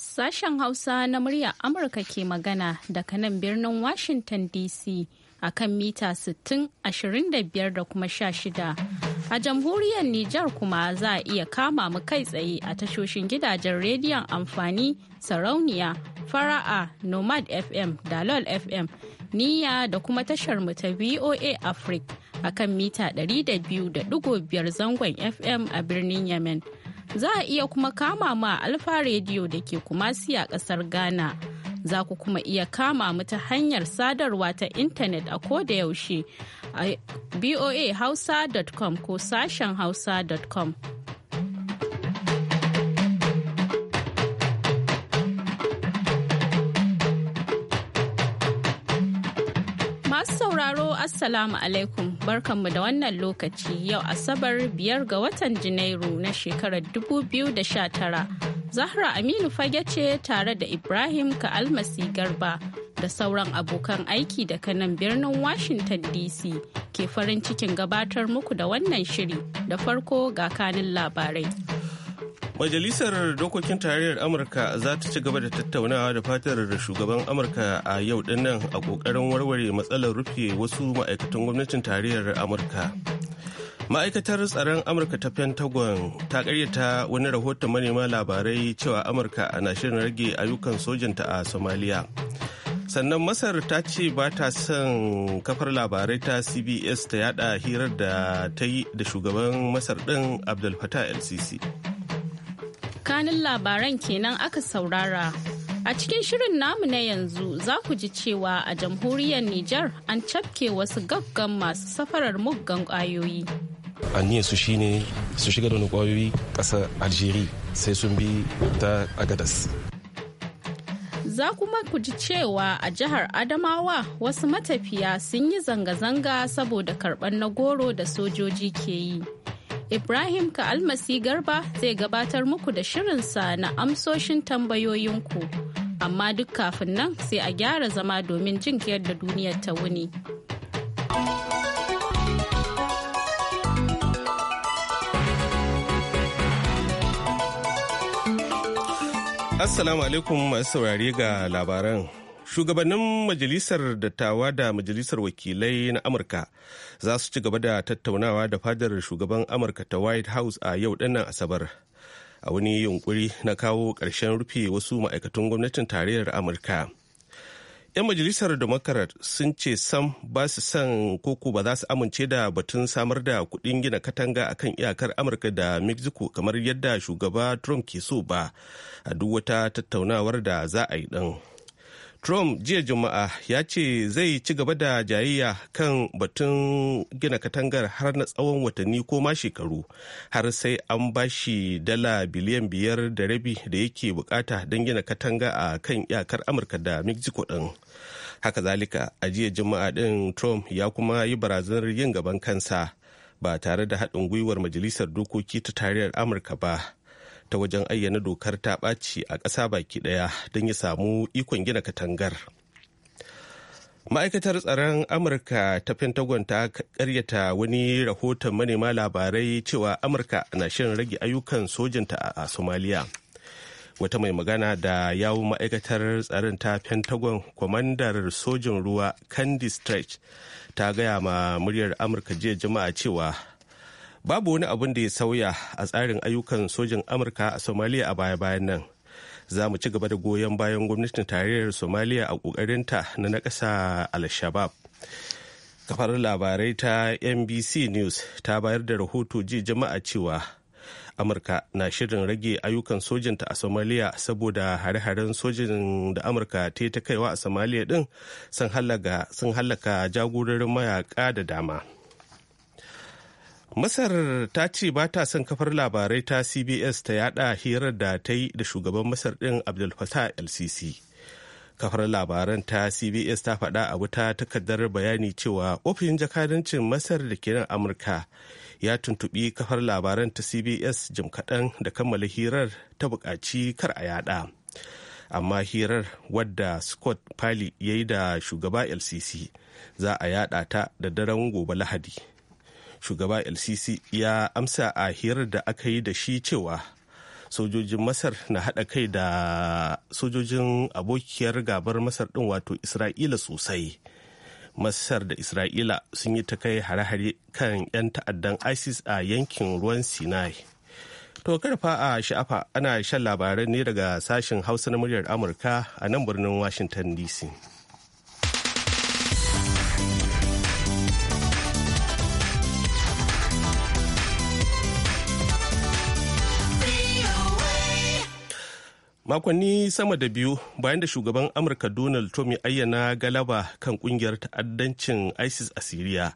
Sashen Hausa na murya Amurka ke magana daga nan birnin Washington DC a kan mita 60, 25 da kuma sha shida, A jamhuriyar Nijar kuma za a iya kama mu kai tsaye a tashoshin gidajen rediyon amfani sarauniya, fara'a, nomad FM, dalol FM, niya da kuma tashar mu ta VOA Africa a kan mita 200.5 zangon FM a birnin Yemen. Za a iya kuma kama ma Alfa rediyo da ke Kumasi a kasar Ghana. Za ku kuma iya kama mu ta hanyar sadarwa ta intanet a koda yaushe a boahausa.com ko sashen hausa.com. sauraro Assalamu alaikum barkanmu da wannan lokaci yau Asabar biyar ga watan Janairu na shekarar 2019. Zahra Aminu fage ce tare da Ibrahim Ka'almasi Garba da sauran abokan aiki da nan birnin Washington DC ke farin cikin gabatar muku da wannan shiri da farko ga kanin labarai. Majalisar Dokokin Tarayyar Amurka za ta ci gaba da tattaunawa da fatar shugaban Amurka a yau nan a ƙoƙarin warware matsalar rufe wasu ma'aikatan gwamnatin tarayyar Amurka. Ma'aikatar tsaron Amurka ta Pentagon ta karyata wani rahoton manema labarai cewa Amurka na shirin rage ayyukan sojanta a Somalia. Sannan Masar ta ce ba ta son kafar labarai ta CBS ta yada hirar da ta yi da shugaban Masar ɗin Abdul Fattah el tsakanin labaran kenan aka saurara. A cikin shirin namu na yanzu za ku ji cewa a jamhuriyar Nijar an cafke wasu gaggan masu safarar muggan ƙwayoyi. aniyar su shine su shiga da wani ƙwayoyi ƙasar Algeria sai sun bi ta Agadas. Za kuma ku ji cewa a jihar Adamawa wasu matafiya sun yi zanga-zanga saboda karɓar na goro da sojoji ke yi. Ibrahim Ka'almasi Garba zai gabatar muku da shirinsa na amsoshin tambayoyinku. Amma duk kafin nan sai a gyara zama domin jin yadda duniyar ta wuni. Assalamu alaikum masu saurari ga labaran. shugabannin majalisar dattawa da majalisar wakilai na amurka za su ci gaba da tattaunawa da fadar shugaban amurka ta white house a yau dinnan asabar a wani yunkuri na kawo ƙarshen rufe wasu ma'aikatan gwamnatin tarayyar amurka 'yan majalisar democrat sun ce sam ba su san koko ba za su amince da batun samar da kuɗin gina katanga a kan iyakar amurka da mexico kamar yadda shugaba trump ke so ba a duk wata tattaunawar da za a yi ɗan. Trump jiya Juma'a ya ce zai ci gaba da jayayya kan batun gina katangar har na tsawon watanni ko ma shekaru har sai an ba shi dala biliyan biyar da rabi da yake bukata don gina katanga a kan iyakar Amurka da Mexico ɗin. Haka zalika a jiya Juma'a ɗin Trump ya kuma yi barazanar yin gaban kansa ba tare da haɗin gwiwar Majalisar Dokoki ta Tarayyar Amurka ba. ta wajen ayyana dokar ta ɓaci a ƙasa baki ɗaya don ya samu ikon gina katangar. ma'aikatar tsaron amurka ta pentagon ta karyata wani rahoton manema labarai cewa amurka na shirin rage ayyukan sojinta a somaliya wata mai magana da yawun ma'aikatar tsaron ta pentagon kwamandar sojin ruwa candy stretch ta gaya ma muryar amurka jiya jama'a cewa babu wani abin da ya sauya a tsarin ayyukan sojin amurka a somaliya a baya-bayan nan za mu ci gaba da goyon bayan gwamnatin tarayyar somaliya a kokarinta na nakasa al-shabab kafar labarai ta nbc news ta bayar da rahoto ji jama'a cewa amurka na shirin rage ayyukan sojinta a somaliya saboda hare-haren sojin da amurka ta ta kaiwa a somaliya din sun hallaka jagororin mayaka da dama Masar ta ce ba ta son kafar labarai ta CBS ta yada hirar da ta yi da shugaban Masar ɗin Abdul Fattah LCC. Kafar labaran ta CBS ta faɗa a wuta takardar bayani cewa ofishin jakadancin Masar da ke nan Amurka ya tuntuɓi kafar labaran ta CBS jim kaɗan da kammala hirar ta buƙaci kar a yada. Amma hirar wadda Scott Pali ya yi da shugaba LCC za a yada ta da daren gobe Lahadi. shugaba lcc ya amsa a hirar da aka yi da shi cewa sojojin masar na haɗa kai da sojojin abokiyar gabar masar ɗin wato isra'ila sosai masar da isra'ila sun yi ta kai hare-hare kan 'yan ta'addan isis a yankin ruwan sinai to karfa a sha'afa ana shan labaran ne daga sashen hausa na muryar amurka a nan birnin washington dc makonni sama da biyu bayan da shugaban amurka donald trump ya ayyana galaba kan kungiyar ta'addancin isis a siriya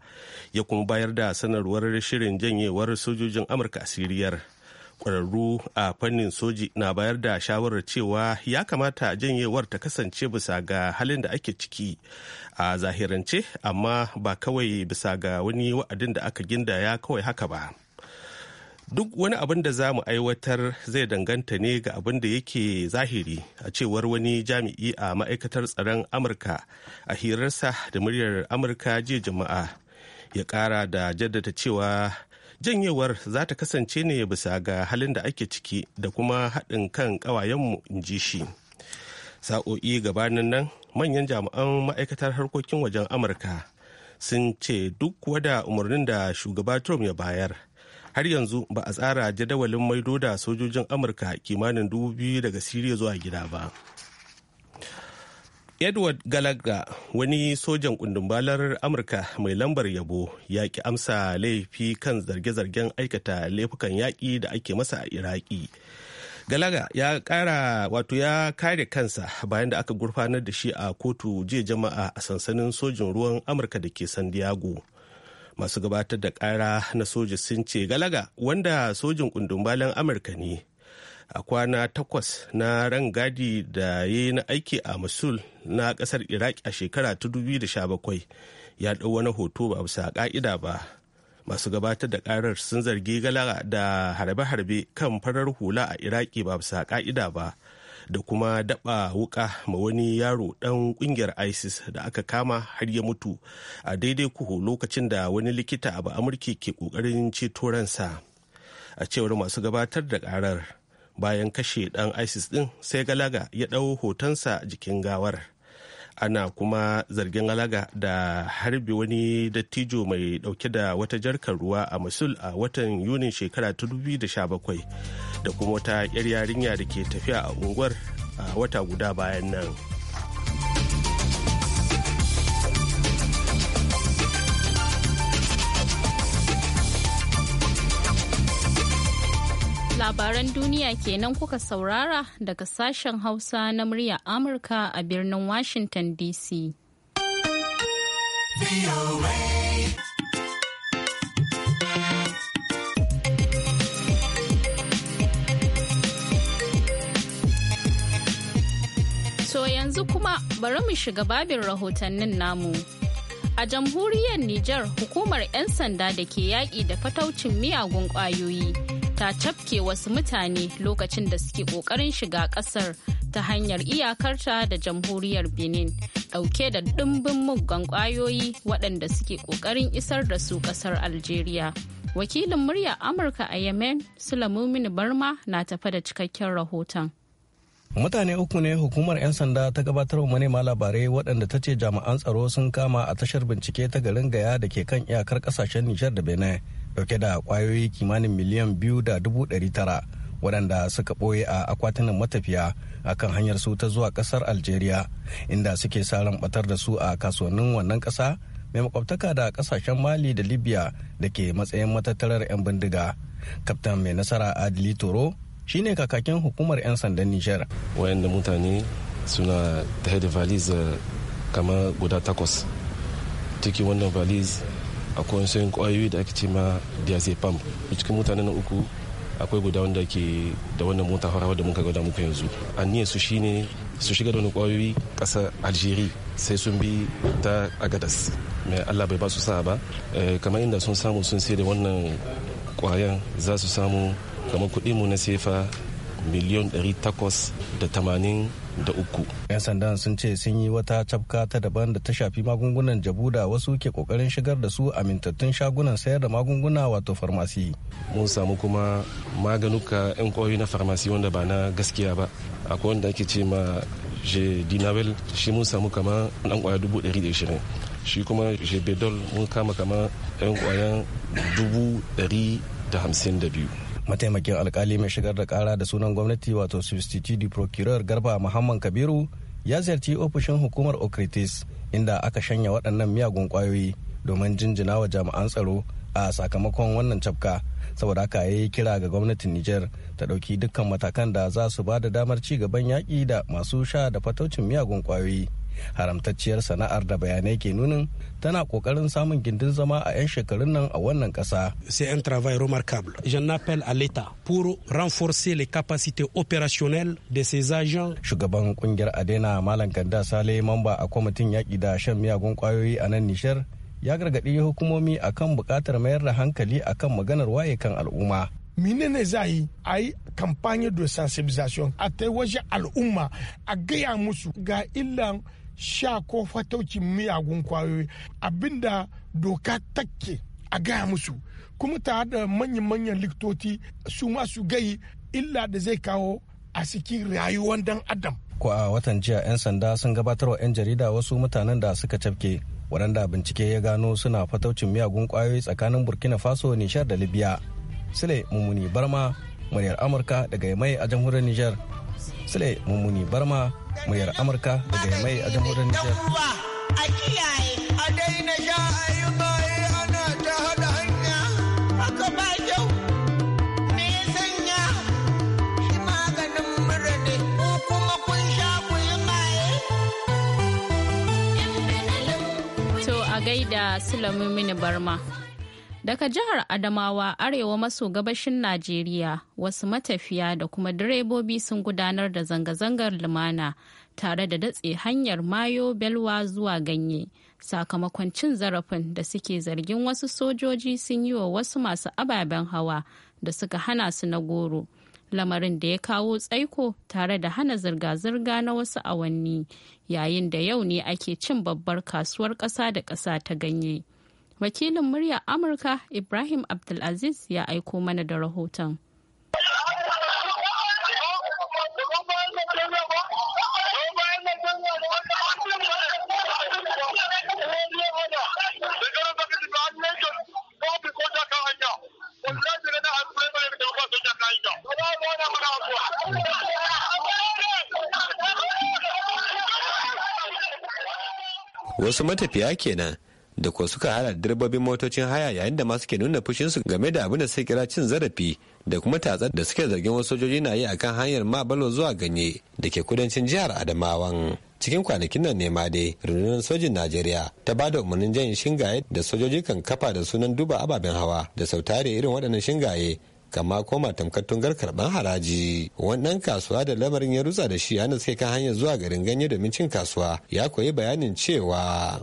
ya kuma bayar da sanarwar shirin janyewar sojojin amurka a siriyar kwararru a fannin soji na bayar da shawarar cewa ya kamata janyewar ta kasance bisa ga halin da ake ciki a zahirance amma ba kawai bisa ga wani wa'adin da aka gindaya kawai haka ba duk wani abin da za mu aiwatar zai danganta ne ga abin da yake zahiri a cewar wani jami'i a ma'aikatar tsaron amurka a hirarsa da muryar amurka jiya jama'a ya kara da jaddada cewa janyewar za ta kasance ne bisa ga halin da ake ciki da kuma haɗin kan ƙawayenmu in ji shi sa'o'i gabanin nan manyan jami'an ma'aikatar harkokin wajen amurka sun ce duk wada umarnin da shugaba trump ya bayar har yanzu ba a tsara jadawalin maido da sojojin amurka kimanin dubu biyu daga siriya zuwa gida ba edward gallagher wani sojan kundumbalar amurka mai lambar yabo ya ki amsa laifi kan zarge-zargen aikata laifukan yaƙi da ake masa a iraki galaga ya kara wato ya kare kansa bayan da aka gurfanar da shi a kotu jiya jama'a a sansanin sojin ruwan amurka da ke san diego masu gabatar da kara na soja sun ce galaga wanda sojin kundumbalin amurka ne a kwana takwas na rangadi da ya na aiki a masul na kasar iraq a shekara ta 2017 ya ɗau wani hoto ba bisa ka'ida ba masu gabatar da karar sun zargi galaga da harbe-harbe kan farar hula a iraki ba bisa ka'ida ba da kuma daba wuka ma wani yaro dan kungiyar isis da aka kama har ya mutu a daidai kuhu lokacin da wani likita abu amurki ke kokarin ceto ransa a cewar masu gabatar da karar bayan kashe dan isis din sai galaga ya dau hotonsa jikin gawar ana kuma zargin alaga da harbi wani dattijo mai dauke da wata jarkar ruwa a musul a watan yunin shekara ta 2017 da kuma wata yar yarinya da ke tafiya a unguwar a wata guda bayan nan. Labaran duniya kenan kuka saurara daga sashen Hausa na murya Amurka a birnin Washington DC. To yanzu kuma bari mu shiga babin rahotannin namu. A jamhuriyar Nijar hukumar 'yan sanda da ke yaƙi da fataucin miyagun ƙwayoyi ta cafke wasu mutane lokacin da suke ƙoƙarin shiga ƙasar ta hanyar iyakarta da jamhuriyar benin ɗauke da ɗimbin muggan ƙwayoyi waɗanda suke ƙoƙarin isar da su ƙasar algeria wakilin murya amurka a yemen sulamumin barma na tafa da cikakken rahoton mutane uku ne hukumar 'yan sanda ta gabatar wa manema labarai waɗanda ta ce jami'an tsaro sun kama a tashar bincike ta garin gaya da ke kan iyakar ƙasashen nijar da benin dauke da kwayoyi kimanin miliyan biyu da dubu dari tara waɗanda suka ɓoye a akwatunan matafiya akan hanyar su ta zuwa ƙasar algeria inda suke saran batar da su a kasuwannin wannan ƙasa mai makwabtaka da ƙasashen mali da libya da ke matsayin matattarar 'yan bindiga kaftan mai nasara adili toro shine kakakin hukumar 'yan sandan nijar wayanda mutane suna da valiz eh, kamar guda takwas ciki wannan valiz akwai wasu kwayoyi da ake ce ma diazepam cikin mutanen uku akwai guda wanda ke da wannan mota farawa da muka gada muka yanzu aniyar su shine su shiga da wani kwayoyi kasa algeria sai sun bi ta agadas mai allah bai ba su sa ba eh, kamar inda sun samu sun sai da wannan kwayan za su samu kamar kuɗi mu na sefa miliyan 883 'yan sandan sun ce sun yi wata cafka ta daban da ta shafi magungunan jabuda wasu ke kokarin shigar da su a mintattun shagunan sayar da magunguna wato farmasi mun samu kuma maganuka 'yan kwayoyi na farmasi wanda ba na gaskiya ba akwai wanda ake ce ma je dinawel shi mun samu kama dan kwaya dubu dari da ishirin shi kuma je bedol mun kama kama yan kwayan dubu dari da hamsin da biyu mataimakin alkali mai shigar da kara da sunan gwamnati wato substitute procureur garba muhammad kabiru ya ziyarci ofishin hukumar okritis inda aka shanya waɗannan miyagun kwayoyi domin jinjina wa jami'an tsaro a sakamakon wannan cafka saboda haka ya yi kira ga gwamnatin niger ta ɗauki dukkan matakan da za su ba da damar ci gaban yaƙi da masu sha da fataucin miyagun kwayoyi haramtacciyar sana'ar da bayanai ke nunin tana kokarin samun gindin zama a 'yan shekarun nan a wannan kasa. C'est un travail remarquable. Je n'appelle à l'État pour renforcer les capacités opérationnelles de ces agents. Shugaban kungiyar Adena Malam Kanda Sale mamba a kwamitin yaƙi da shan miyagun kwayoyi a nan Nishar ya gargaɗi hukumomi akan buƙatar mayar da hankali akan maganar waye kan al'umma. menene za yi a yi campagne de sensibilisation a ta waje al'umma a gaya musu ga illan sha ko fataucin miyagun kwayoyi abinda doka take a gaya musu kuma tare da manyan-manyan likitoci su masu gai illa da zai kawo a cikin rayuwar dan adam ko a watan jiya 'yan sanda sun gabatar wa 'yan jarida wasu mutanen da suka cafke waɗanda bincike ya gano suna fataucin miyagun kwayoyi tsakanin burkina faso nishar da libya sule mummuni barma muryar amurka daga mai a jamhuriyar nijar Sule Mummuni Barma, muryar Amurka daga mai a jamhuriyar Nijar. A kiyaye, daina sha ana hanya, maganin mura ne, a gaida Sule mini Barma. Daga jihar Adamawa arewa maso gabashin Najeriya wasu matafiya da kuma direbobi sun gudanar da zanga-zangar lumana tare da datse hanyar mayo belwa zuwa ganye sakamakon cin zarafin da suke zargin wasu sojoji sun yi wa wasu masu ababen hawa da suka hana su na goro. lamarin da ya kawo tsaiko tare da hana zirga-zirga na wasu awanni yayin da yau ne ake cin babbar kasuwar ƙasa da ƙasa ta ganye. wakilin muryar amurka ibrahim abdulaziz ya aiko mana da rahoton wasu matafiya kenan da ko suka hana direbobin motocin haya yayin da masu ke nuna fushin su game da abin da suka kira cin zarafi da kuma tatsar da suke zargin wasu sojoji na yi akan hanyar mabalo zuwa ganye da ke kudancin jihar adamawan cikin kwanakin nan ne ma dai rundunar sojin najeriya ta ba da umarnin jan shingaye da sojoji kan kafa da sunan duba ababen hawa da sautare irin waɗannan shingaye kama koma tamkar tungar haraji haraji wannan kasuwa da lamarin ya rutsa da shi yana suke kan hanyar zuwa garin ganye domin cin kasuwa ya koyi bayanin cewa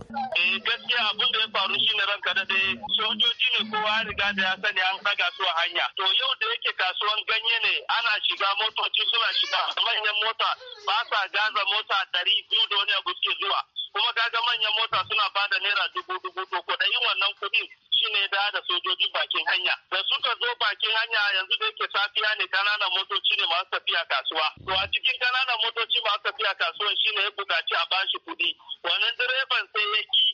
kada dai sojoji ne kowa riga da ya sani an daga su a hanya to yau da yake kasuwan ganye ne ana shiga motoci suna shiga manyan mota ba sa gaza mota ɗari biyu da wani abu suke zuwa kuma kaga manyan mota suna bada naira dubu dubu to kuɗin wannan kuɗin shine da da sojoji bakin hanya da suka zo bakin hanya yanzu da yake safiya ne kananan motoci ne masu tafiya kasuwa to a cikin kananan motoci masu tafiya kasuwan shine ya buƙaci a bashi kuɗi wannan direban sai ya ki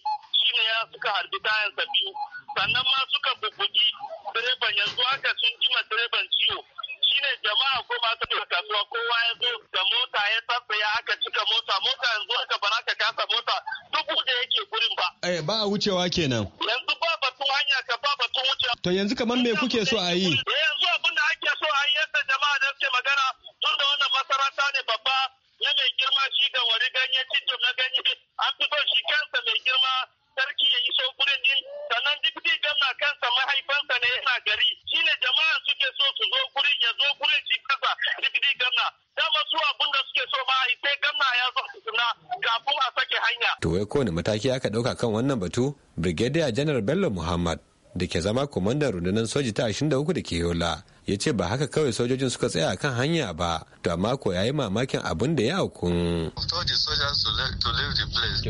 shine ya suka harbi tayan biyu sannan ma suka bubugi direban yanzu haka sun jima direban ciwo shine jama'a ko masu suka kasuwa kowa ya zo da mota ya ya aka cika mota mota yanzu aka bana ka kasa mota duk da yake gurin ba eh ba a wucewa kenan yanzu ba batun hanya ka ba batun wucewa to yanzu kamar me kuke so a yi eh, kowane mataki aka ɗauka kan wannan batu brigadier janar bello muhammad da ke zama kwamandan rundunar soji ta 23 da ke yola ya ce ba haka kawai sojojin suka tsaya kan hanya ba to amma ko ya yi mamakin abin da ya aukun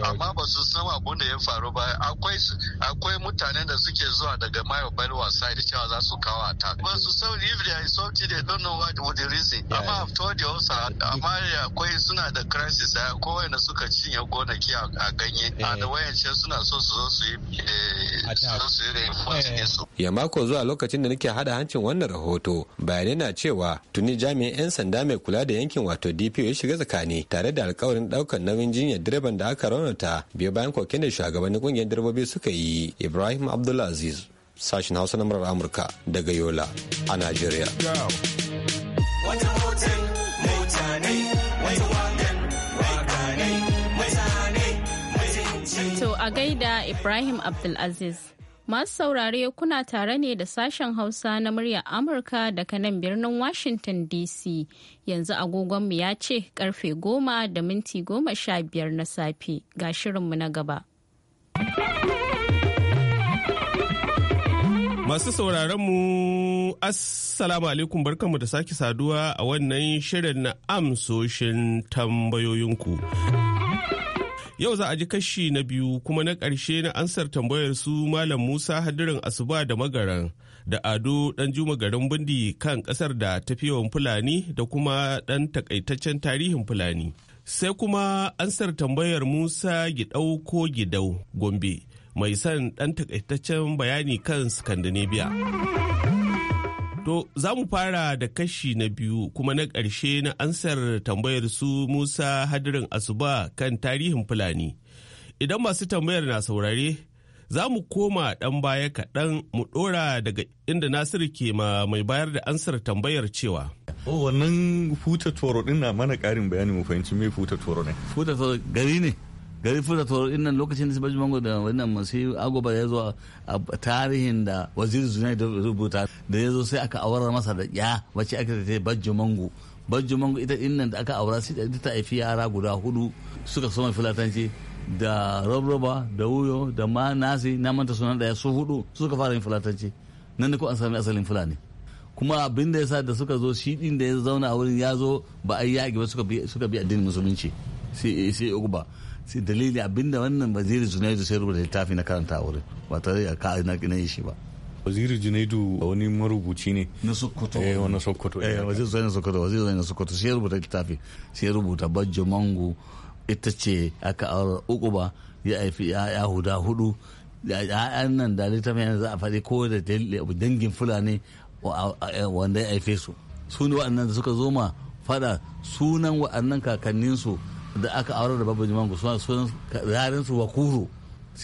amma ba su san abun da ya faru ba akwai akwai mutanen da suke zuwa daga mayo balwa side cewa za su kawo ta ba su san if they are salty they don't know what would reason amma i've told you also amma akwai suna da crisis a kowai da suka cinye gonaki a ganye eh. a da wayance suna so su zo su yi eh, eh. su ya mako zuwa lokacin da nake hada hancin wannan rahoto bayanai na cewa tuni jami'in 'yan sanda mai kula da yankin wato dpo ya shiga tsakani tare da alkawarin daukar nauyin jinyar direban da aka gwamnata biyo bayan koken da shugabannin kungiyar direbobi suka yi ibrahim abdulaziz sashen hausa na murar amurka daga yola a nigeria to a gaida ibrahim abdulaziz Masu saurare kuna tare ne da sashen Hausa na muryar Amurka daga nan birnin Washington DC. Yanzu agogonmu ya ce karfe goma da minti goma sha biyar na safe ga shirinmu na gaba. Masu sauraronmu Assalamu alaikum barkanmu da sake saduwa a wannan shirin na amsoshin tambayoyinku. Yau za a ji kashi na biyu kuma na ƙarshe na ansar tambayar su Malam Musa Hadirin Asuba da Magaran da Ado ɗan Juma garin Bindi kan ƙasar da tafiyawan Fulani da kuma ɗan takaitaccen tarihin Fulani. Sai kuma ansar tambayar Musa Gidau ko Gidau Gombe mai son ɗan takaitaccen bayani kan Scandinavia. To za mu fara da kashi na biyu kuma na ƙarshe na ansar tambayar su Musa Hadirin Asuba kan tarihin Fulani. Idan masu tambayar na saurare, za mu koma ɗan baya kaɗan mu ɗora daga inda Nasiru ke ma mai bayar da ansar tambayar cewa. O oh, wannan futa toro ɗin na mana ƙarin bayani mu fahimci me futa toro ne. Futa toro gari ne. gari fusa toro din nan lokacin da su mango da wannan masu agoba ya zo a tarihin da waziri zunai da rubuta da ya zo sai aka awar masa da ya wace aka ta baji mango baji mango ita innan da aka aura sai da ta haifi yara guda hudu suka soma filatanci da robroba da wuyo da ma nasi na manta da daya su hudu suka fara yin filatanci nan da ko an sami asalin fulani kuma abin da yasa da suka zo shi din da ya zauna a wurin ya zo ba a yi yaƙi ba suka bi addinin musulunci sai uku ba sai dalili abinda wannan waziri junaidu sai rubuta littafi na karanta a wurin ba tare da ka na yi shi ba waziri junaidu wani marubuci ne na sokoto eh wani sokoto eh, eh. waziri zai sokoto waziri zai sokoto sai rubuta littafi sai rubuta bajjo mango ita ce aka aure uku ba ya haifi ya huda hudu ya'yan nan da littafin yana za a faɗi ko da dangin fulani eh, wanda ya haife su su ne waɗannan da suka zo ma faɗa sunan waɗannan kakanninsu da aka aure da babu jimangu sunan yarin su wakuru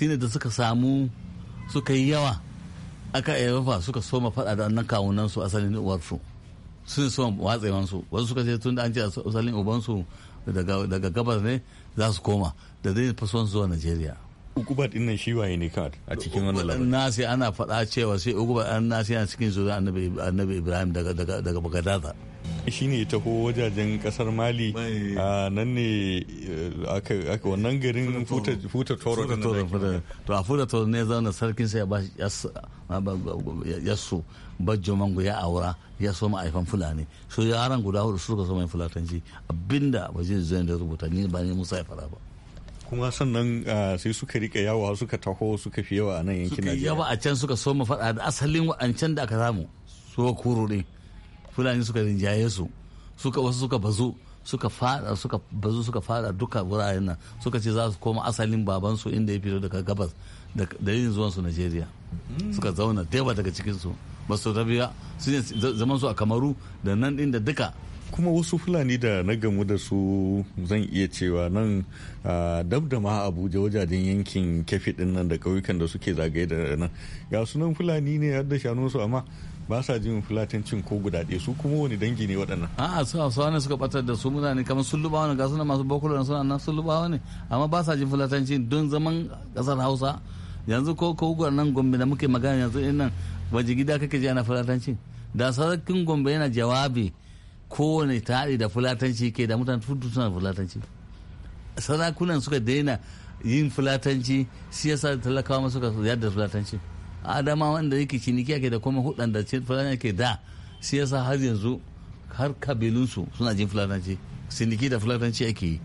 ne da suka samu suka yi yawa aka yawa suka soma fada da wannan kawunan su asalin uwarsu ne soma watsewan su wasu suka ce tun da an ce asalin ubansu daga gabas ne za su koma da zai fi son zuwa nigeria ukuba din nan shi waye ne kad a cikin wannan labarin nasi ana fada cewa sai ukuba an nasi a cikin zuwa annabi ibrahim daga daga daga bagadaza shine ya taho wajajen kasar mali a nan ne eh, aka wannan garin futa toro to a futa toro ne zauna sarkin sai ya so bajjo mango ya aura ya so ma'aifan fulani so yaran guda hudu suka so mai fulatanci abinda ba zai zai da rubuta ni ba ne musa ya fara ba kuma sannan sai suka rika yawa suka taho suka fi yawa a nan yankin Najeriya. Suka yawa a can suka so mu fada da asalin wa'ancan da aka samu so kuro ne fulani suka rinjaye su suka wasu suka bazu suka fada suka bazu suka fada duka wuraren nan suka ce za su koma asalin babansu inda ya fito daga gabas da yin zuwansu Najeriya suka zauna teba daga cikinsu ba su tafiya su ne zaman su a kamaru da nan din da duka kuma wasu fulani da na gamu da su zan iya cewa nan dab da ma abuja wajajen yankin kefi din nan da kauyukan da suke zagaye da nan ga sunan fulani ne har da su amma ba sa jin cin ko guda ɗaya su kuma wani dangi ne waɗannan a'a su hausawa ne suka batar da su mutane kamar sun lubawa ne ga suna masu bakulan suna nan sun lubawa ne amma ba sa jin cin don zaman ƙasar hausa yanzu ko ko nan gombe da muke magana yanzu in nan waje gida kake ji ana cin da sarkin gombe yana jawabi kowane tari da cin ke da mutane tuntun suna cin. sarakunan suka daina yin fulatanci siyasa talakawa suka yadda cin. adama wanda yake ciniki ake da kuma hudan da fulani ke da shi yasa har yanzu har kabilunsu suna jin fulatanci ciniki da fulani ake yi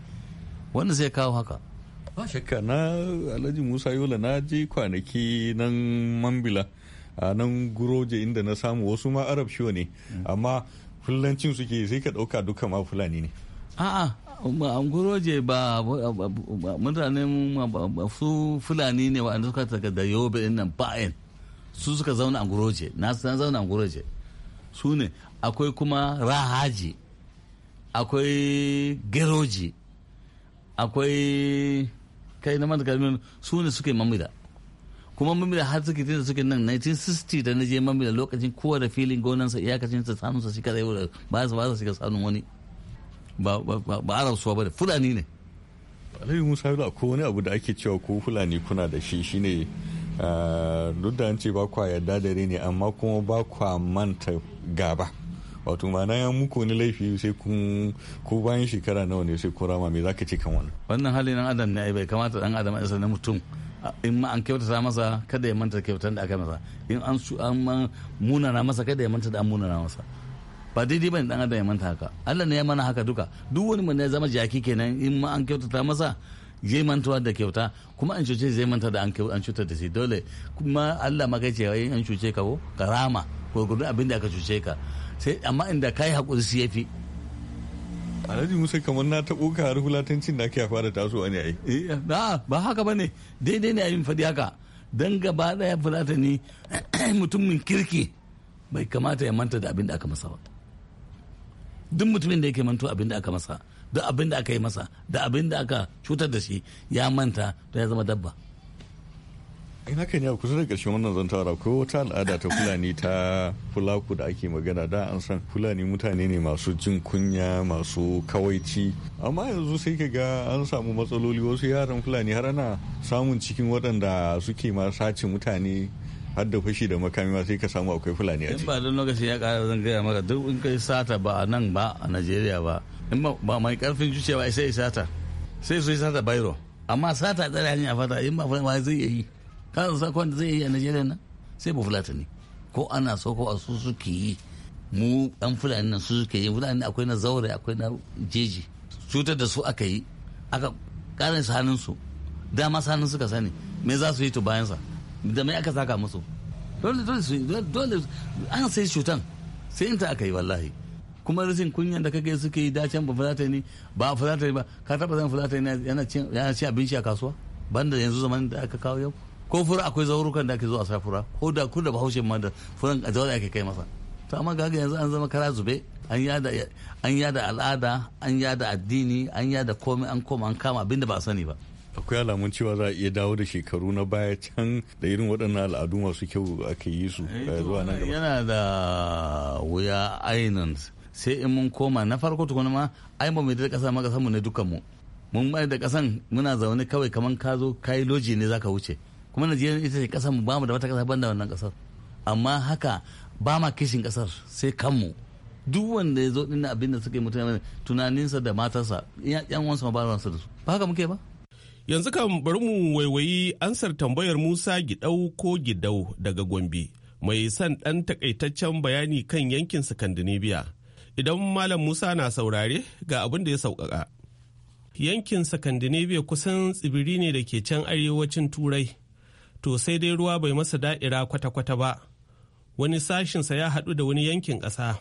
wanda sai kawo haka ba shakka na alhaji musa yola na je kwanaki nan mambila a nan guroje inda na samu wasu ma arab shiwa ne amma fulancin suke sai ka dauka duka ma fulani ne a'a guroje ba ba su fulani ne wa'anda suka daga da yobe nan ba'in su suka zauna a guroje na san zauna a guroje su ne akwai kuma rahaji akwai geroji akwai kai na mata kalmin su ne suke mamida kuma mamida har suke tunda suke nan 1960 da na je mamida lokacin kowa da filin gonan sa gonansa iyakacinsa sa shi yau da ba su ba su shiga sanun wani ba arab suwa ba da fulani ne alhaji musa ko wani abu da ake cewa ko fulani kuna da shi shine Eh, duk da an ce ba kwa yarda da ne amma kuma ba kwa manta gaba wato ma'ana ya muku wani laifi sai kun ko bayan shekara nawa ne sai kun rama me zaka ce kan wannan wannan hali nan adam ne ai bai kamata dan adam ya na mutum in ma an kyautata masa kada ya manta kyautar da aka masa in an su an munana masa kada ya manta da an munana masa ba daidai bane dan adam ya manta haka Allah ne ya mana haka duka duk wani mun ne zama jaki kenan in ma an kyautata masa zai mantuwa da kyauta kuma an cuce zai manta da an cutar da shi dole kuma Allah ma kai an cuce ka ko ka rama gurgurdun abin da aka cuce ka sai amma inda kai hakuri su yafi alhaji musa kamar na taɓo ka har hulatancin da kai fara tasowa ne ai eh, eh, ba haka bane daidai ne abin faɗi haka dan gaba daya ni mutumin kirki bai kamata ya manta da abin da aka masa ba duk mutumin da yake manto abin da aka masa da abin da aka yi masa da abin da aka cutar da shi ya manta to ya zama dabba ina kan yau kusa da ƙarshen wannan zantara ko wata al'ada ta fulani ta fulaku da ake magana da an san fulani mutane ne masu jin kunya masu kawaici amma yanzu sai ka ga an samu matsaloli wasu yaran fulani har ana samun cikin waɗanda suke ma sace mutane har da fashi da makami ma sai ka samu akwai fulani a ciki. ba don lokaci ya ƙara zan gaya maka duk in kai sata ba a nan ba a najeriya ba in ba mai karfin zuciya ba sai sata sai su yi sata bayro amma sata tsare hanya fata in ba fulani zai yi kan sa kwanda zai yi a najeriya nan sai ba fulani ko ana so ko a su suke yi mu dan fulani nan su suke yi fulani akwai na zaure akwai na jeji cutar da su aka yi aka karin su hannun su dama su hannun suka sani me za su yi to bayansa da mai aka saka musu dole dole dole an sai cutan sai in ta aka yi wallahi kuma rashin kunyan da kake suke yi dacen ba fulata ne ba fulata ne ba ka taba zan fulata ne yana cin ci abinci a kasuwa banda yanzu zamanin da aka kawo yau ko fura akwai zaurukan da ake zo a sa fura ko da kun da bahaushe ma da furan a jawar ake kai masa to amma ga yanzu an zama kara zube an yada an yada al'ada an yada addini an yada komai an koma an kama abinda ba sani ba akwai alamun cewa za a iya dawo da shekaru na baya can da irin waɗannan al'adu masu kyau aka yi su eh zuwa nan gaba yana da wuya ainihin sai in mun koma na farko tukuna ma ai ba mu da kasa ma kasan mu ne dukkan mu mun mai da kasan muna zaune kawai kamar ka zo kai loji ne zaka wuce kuma Najeriya ita ce kasan mu ba mu da wata kasa banda wannan kasar amma haka ba ma kishin kasar sai kanmu duk wanda ya zo din abin da suke yi mutane tunaninsa da matarsa yan wansa ma ba su da su ba haka muke ba yanzu kan bari mu waiwayi ansar tambayar musa gidau ko gidau daga gombe mai son dan takaitaccen bayani kan yankin scandinavia Idan Malam Musa na saurare ga abin da ya sauƙaƙa. Yankin Sakandinebiya kusan tsibiri ne da ke can arewacin Turai, to sai dai ruwa bai masa da'ira kwata-kwata ba, wani sashinsa ya haɗu da wani yankin ƙasa.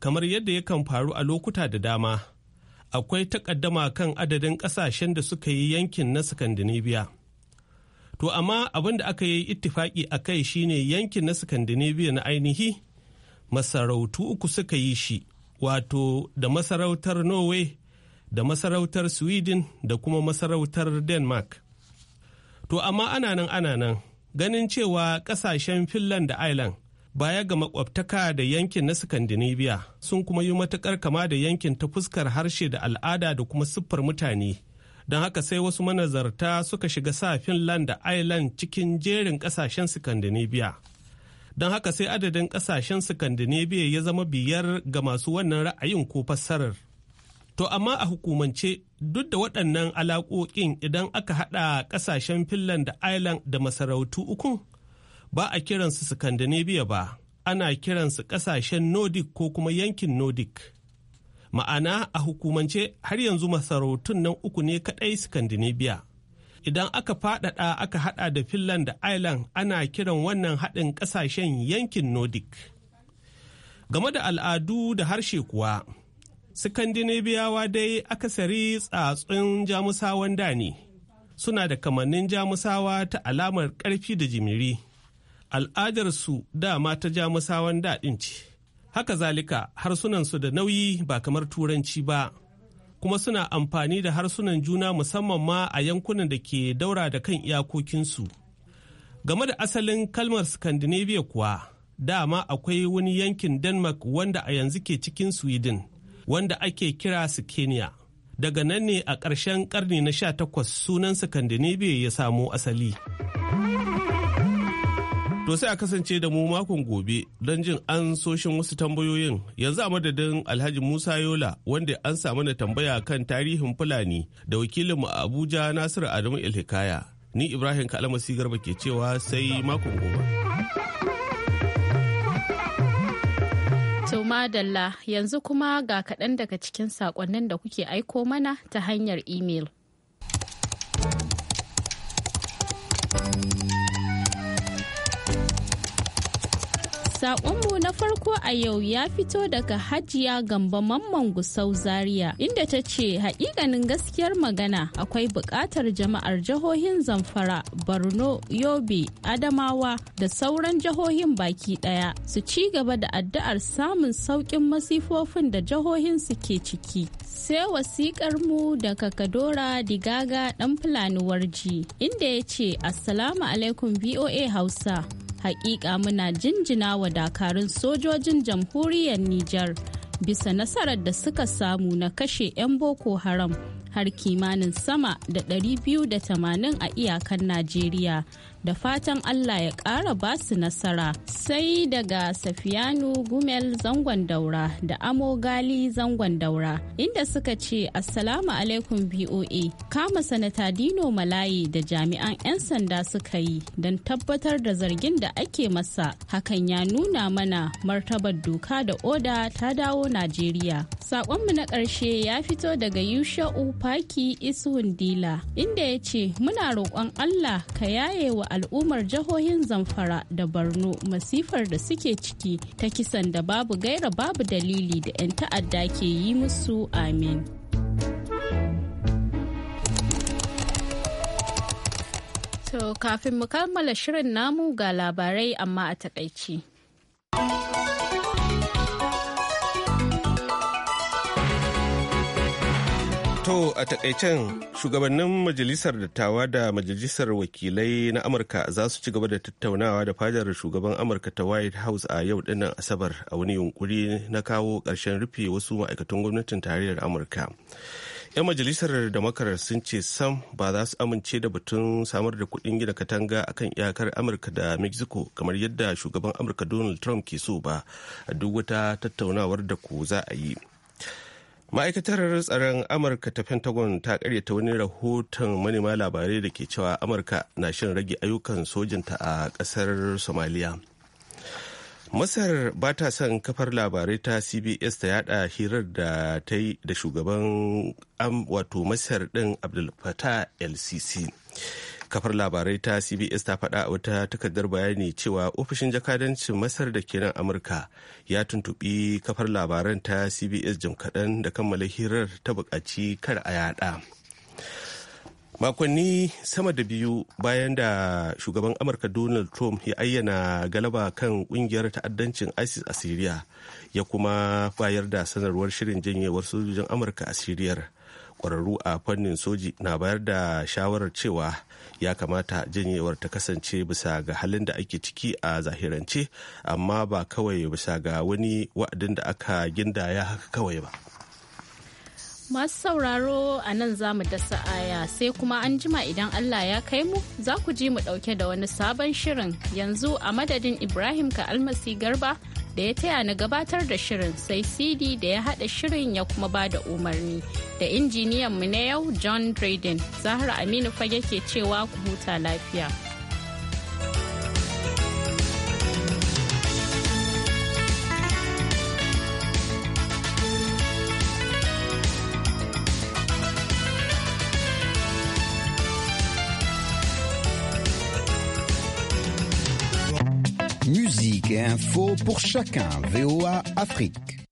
Kamar yadda yakan faru a lokuta da dama, akwai takaddama kan adadin ƙasashen da suka yi yankin na Sakandinebiya. To amma abin da aka yi ittifaki a kai shine yankin na Sakandinebiya na ainihi masarautu uku suka yi shi wato da masarautar norway da masarautar sweden da kuma masarautar denmark to amma ana nan ana nan ganin cewa kasashen finland da ireland baya ga makwabtaka da yankin na scandinavia sun kuma yi matukar kama da yankin ta fuskar harshe da al'ada da kuma siffar mutane don haka sai wasu manazarta suka shiga sa finland da ireland cikin jerin kasashen scandinavia don haka sai adadin kasashen Scandinavia ya zama biyar ga masu wannan ra'ayin ko fassarar. To amma a hukumance duk da waɗannan alaƙoƙin idan aka haɗa ƙasashen Finland da Ireland da masarautu uku ba a kiransu Scandinavia ba, ana kiransu ƙasashen Nordic ko kuma yankin Nordic. Ma'ana a hukumance har yanzu masarautun nan uku ne kaɗai Scandinavia. Idan aka faɗaɗa aka haɗa da Finland da Ireland ana kiran wannan haɗin ƙasashen yankin Nordic. Game da al'adu da harshe kuwa, Sikandinabiyawa dai akasari tsatsun jamusawan da ne, suna da kamannin jamusawa ta alamar ƙarfi da jimiri. Al'adarsu dama ta jamusawan daɗin ce, haka zalika harsunansu da nauyi ba kamar turanci ba. kuma suna amfani da harsunan juna musamman ma a yankunan da ke daura da kan iyakokinsu. Game da asalin kalmar Scandinavia kuwa, dama akwai wani yankin Denmark wanda a yanzu ke cikin Sweden, wanda ake kira Skenia. Daga nan ne a ƙarshen ƙarni na sha takwas sunan Scandinavia ya samo asali. To sai a kasance da mu makon gobe don jin an soshin wasu tambayoyin yanzu a madadin Alhaji Musa Yola wanda an samu na tambaya kan tarihin Fulani da wakilin mu Abuja Nasiru Adamu Ilhikaya. Ni Ibrahim Kalamasi Garba ke cewa sai makon gobe. To madalla yanzu kuma ga kaɗan daga cikin saƙonnin da kuke aiko mana ta hanyar imel. Saƙonmu na farko a yau ya fito daga Hajiya Gamba Mamman Gusau Zaria inda ta ce haƙiƙanin gaskiyar magana akwai buƙatar jama'ar jahohin Zamfara, Borno, Yobe, Adamawa da sauran jahohin baki ɗaya su ci gaba da addu'ar samun sauƙin masifofin da jihohin suke ciki. Sai wasiƙar mu daga Kadora Digaga ɗan Fulani Warji inda ya ce Assalamu alaikum VOA Hausa. Hakika muna jinjina wa dakarun sojojin jamhuriyar Nijar bisa nasarar da suka samu na kashe 'yan Boko Haram har kimanin sama da 280 a iyakan Najeriya da fatan Allah ya ƙara ba su nasara sai daga Safiyanu Gumel zangon daura da Amo Gali zangon daura inda suka ce Assalamu alaikum BOA kama sanata Dino Malayi da jami'an 'yan sanda suka yi don tabbatar da zargin da ake masa hakan ya nuna mana martabar doka da oda ta dawo Najeriya. Saƙonmu na ƙarshe ya fito daga Yusha'u paki Isuhun Dila inda ya ce muna roƙon Allah ka yaye wa al'ummar jihohin zamfara da borno masifar da suke ciki ta kisan da babu gaira babu dalili da 'yan ta'adda ke yi musu amin To kafin mu kammala shirin namu ga labarai amma a takaici. To a takaicen shugabannin majalisar dattawa da majalisar wakilai na Amurka za su ci gaba da tattaunawa da fadar shugaban Amurka ta White House a yau dinnan Asabar a wani yunkuri na kawo ƙarshen rufe wasu ma'aikatan gwamnatin tarayyar Amurka. 'Yan majalisar da sun ce sam ba za su amince da batun samar da kuɗin gina katanga akan iyakar Amurka da Mexico kamar yadda shugaban Amurka Donald Trump ke so ba a duk wata tattaunawar da ku za a yi. ma'aikatar tsaron amurka ta pentagon ta karyata wani rahoton manema labarai da ke cewa amurka na shirin rage ayyukan sojinta a kasar somaliya masar ba ta son kafar labarai ta cbs ta yada hirar da ta yi da shugaban wato masar din abdulfata lcc kafar labarai ta cbs ta faɗa a wata takardar bayani cewa ofishin jakadancin masar da ke nan amurka ya tuntuɓi kafar labaran ta cbs jim kaɗan da kammala hirar ta buƙaci kar a yaɗa makonni sama da biyu bayan da shugaban amurka donald trump ya ayyana galaba kan ƙungiyar ta'addancin isis a syria ya kuma bayar da sanarwar shirin janyewar sojojin amurka a siriyar kwararru a fannin soji na bayar da shawarar cewa ya kamata janyewar ta kasance bisa ga halin da ake ciki a zahirance amma ba kawai bisa ga wani wa'adin da aka gindaya haka kawai ba masu sauraro a nan za mu dasa aya sai kuma an jima idan allah ya kai mu za ku ji mu dauke da wani sabon shirin yanzu a madadin ibrahim ka almasi garba da ya taya na gabatar da shirin sai cd da ya haɗa shirin ya kuma ba da umarni da injiniyan mu na yau john dredin zahra aminu fage ke cewa ku huta lafiya. et pour chacun. VOA Afrique.